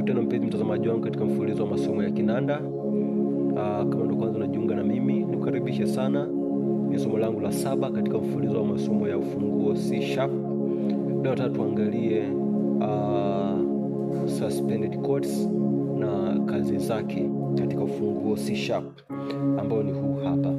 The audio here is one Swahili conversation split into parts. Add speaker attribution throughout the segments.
Speaker 1: Karibu tena mpenzi mtazamaji wangu katika mfululizo wa masomo ya kinanda. Aa, ah, kama ndo kwanza unajiunga na mimi, nikukaribishe sana. Ni somo langu la saba katika mfululizo wa masomo ya ufunguo C sharp. Leo nataka tuangalie ah, suspended chords na kazi zake katika ufunguo C sharp ambao ni huu hapa.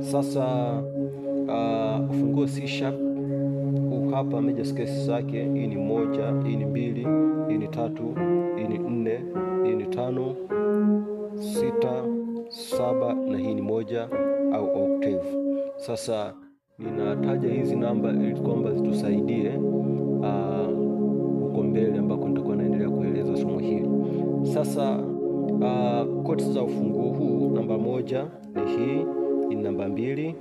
Speaker 1: Sasa aa, ah, ufunguo C sharp hapa major scales zake, hii ni moja, hii ni mbili, hii ni tatu, hii ni nne, hii ni tano, sita, saba na hii ni moja au octave. Sasa ninataja hizi namba ili kwamba zitusaidie ah, huko mbele ambako nitakuwa naendelea kueleza somo hili. Sasa koti ah, za ufunguo huu, namba moja ni hii, ni namba mbili,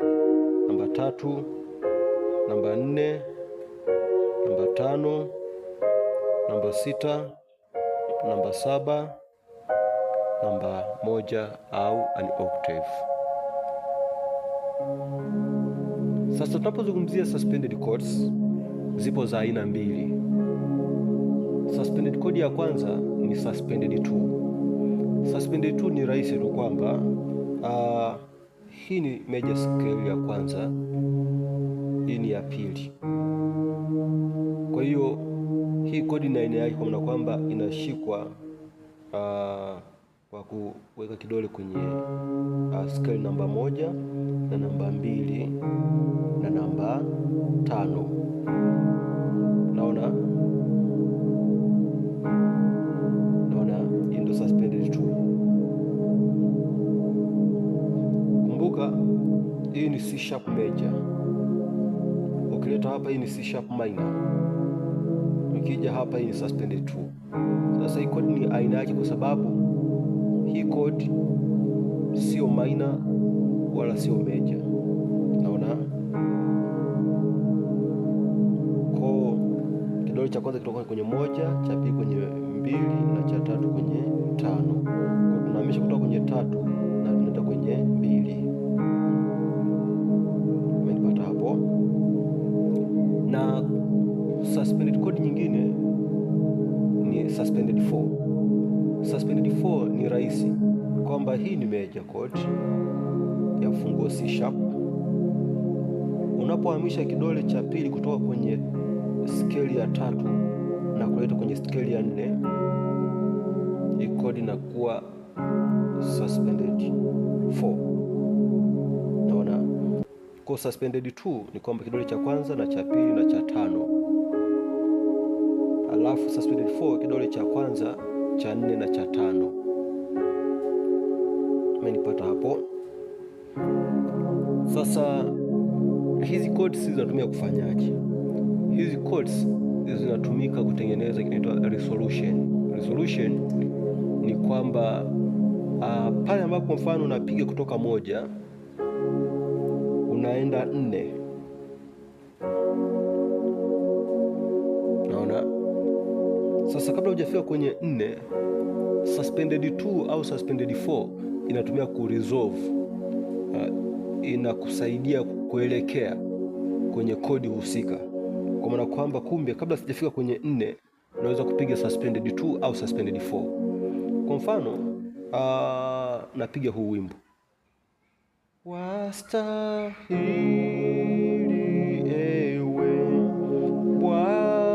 Speaker 1: namba tatu, namba nne namba tano, namba sita, namba saba, namba moja au an octave. Sasa tunapozungumzia suspended chords zipo za aina mbili. Suspended chord ya kwanza ni suspended 2. Suspended 2 ni rahisi tu kwamba uh, hii ni major scale ya kwanza hii ni ya pili. Kwa hiyo hii kodi na aina yake, kwa maana kwamba inashikwa uh, kwa kuweka kidole kwenye uh, scale namba moja na namba mbili na namba tano. Naona naona ndo suspended tu. Kumbuka hii ni C sharp major ukileta hapa, hii ni C sharp minor, ukija hapa, hii ni suspended tu. Sasa hii chord ni aina yake, kwa sababu hii chord sio minor wala sio major. Naona ko kidole cha kwanza kitoka kwenye moja, cha pili kwenye mbili na cha tatu kwenye tano. Kwa tunahamisha kutoka kwenye tatu na tunaenda kwenye mbili. Umenipata hapo? na suspended code nyingine ni suspended 4. Suspended 4 ni rahisi kwamba hii ni major code ya funguo C sharp. Unapohamisha kidole cha pili kutoka kwenye skeli ya tatu na kuleta kwenye skeli ya nne, hii code inakuwa suspended 4. Kwa suspended tu ni kwamba kidole cha kwanza na cha pili na cha tano, alafu suspended 4 kidole cha kwanza cha nne na cha tano. Umenipata hapo? Sasa hizi codes zinatumia kufanyaje? Hizi codes zinatumika kutengeneza kinaitwa resolution. Resolution ni kwamba uh, pale ambapo mfano unapiga kutoka moja unaenda nne. Naona sasa, kabla hujafika kwenye nne, suspended 2 au suspended 4 inatumia kuresolve, ah, inakusaidia kuelekea kwenye kodi husika, kwa maana kwamba kumbe, kabla sijafika kwenye nne, unaweza kupiga suspended 2 au suspended 4. Kwa mfano, ah, napiga huu wimbo Wastahili ewe Bwana.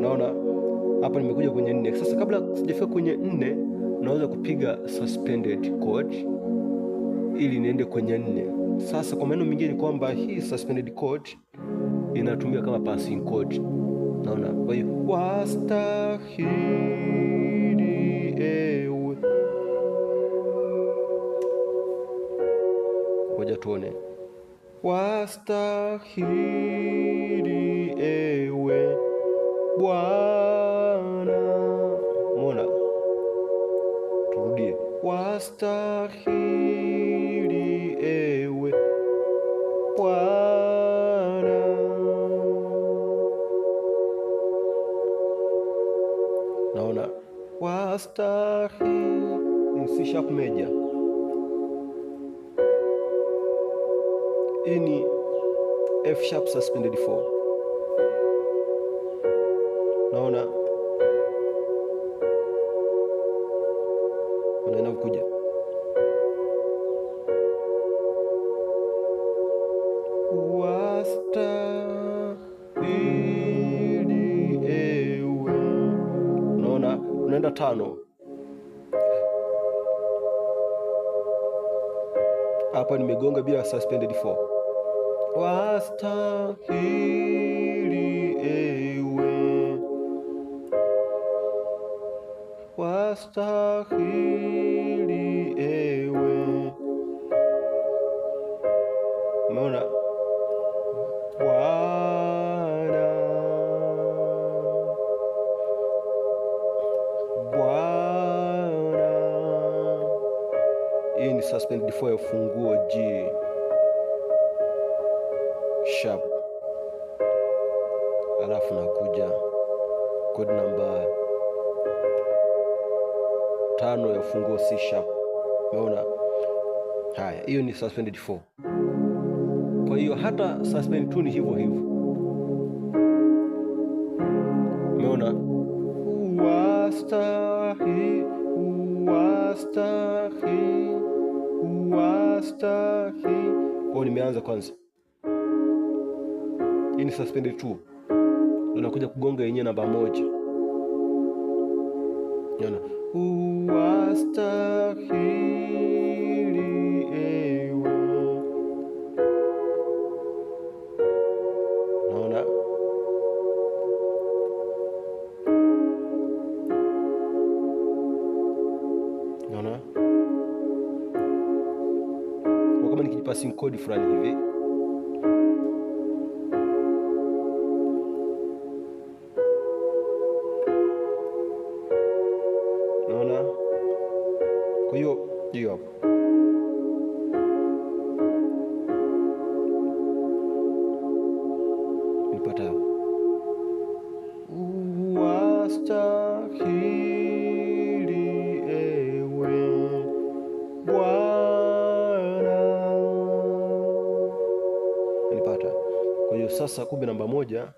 Speaker 1: Naona hapa nimekuja kwenye nne. Sasa kabla sijafika kwenye nne, naweza kupiga suspended chord ili niende kwenye nne. Sasa kwa maneno mengine ni kwamba hii suspended chord inatumika kama passing chord. Naona kwa hiyo wastahili ngoja tuone. Wastahili ewe Bwana. Mona, turudie. Wastahili ewe Bwana. Naona wastahili C sharp meja hii ni F sharp suspended 4. Naona ona inavyokuja naona unaenda tano hapa, nimegonga bila suspended 4 wastahili ewe, wastahili ewe, mona Bwana, Bwana. Hii ni suspend D4 ya G. tunakuja code namba tano ya funguo C sharp. Umeona? Haya, hiyo ni suspended 4. Kwa hiyo hata suspended 2 ni hivyo hivyo. Umeona? Wastahi, wastahi, wastahi. Kwa nimeanza kwanza. Hii ni suspended 2 unakuja kugonga yenyewe namba moja. Unaona, uwastahili ewe. Unaona, unaona kama nikijipasi mkodi fulani hivi Kwa hiyo hiyo hapo nipata wastahili, ewe Bwana nipata. Kwa hiyo sasa, kumbe namba moja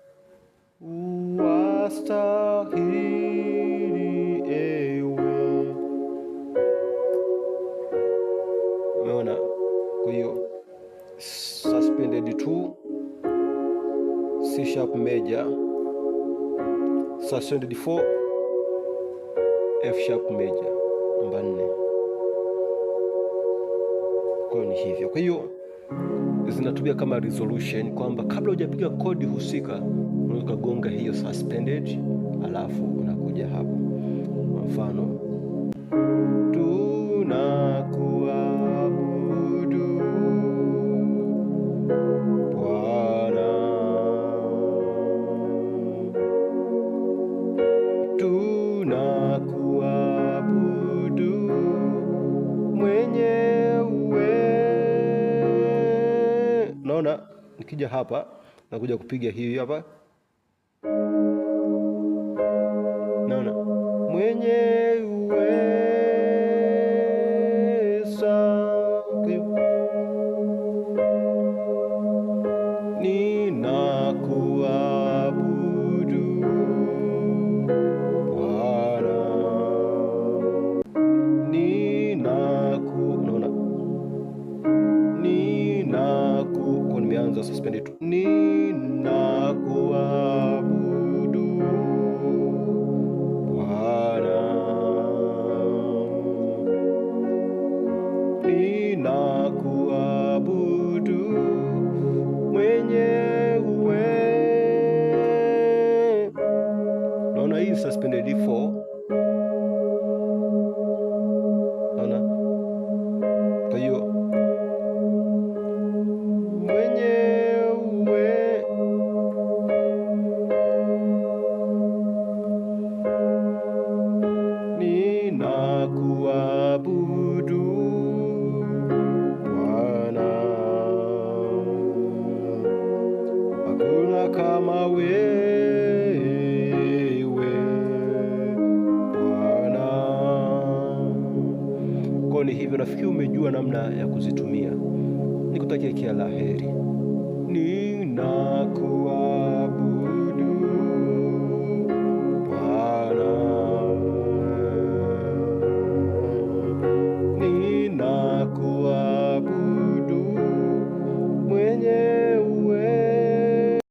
Speaker 1: wastahili suspended 2 C sharp major suspended 4 F sharp major namba 4. Kwa hiyo ni hivyo. Kwa hiyo zinatumia kama resolution kwamba kabla hujapiga kodi husika ukagonga hiyo suspended, alafu unakuja hapo, kwa mfano tuna Nikija hapa nakuja kupiga hii hapa, naona mwenye uweza ninakuabudu Bwana, ninakuabudu mwenyewe. Naona hii suspended 4 tuabudu Bwana, hakuna kama wewe Bwana. Kwa ni hivyo, nafikiri umejua namna ya kuzitumia. Nikutakia kila la heri, ninakuwa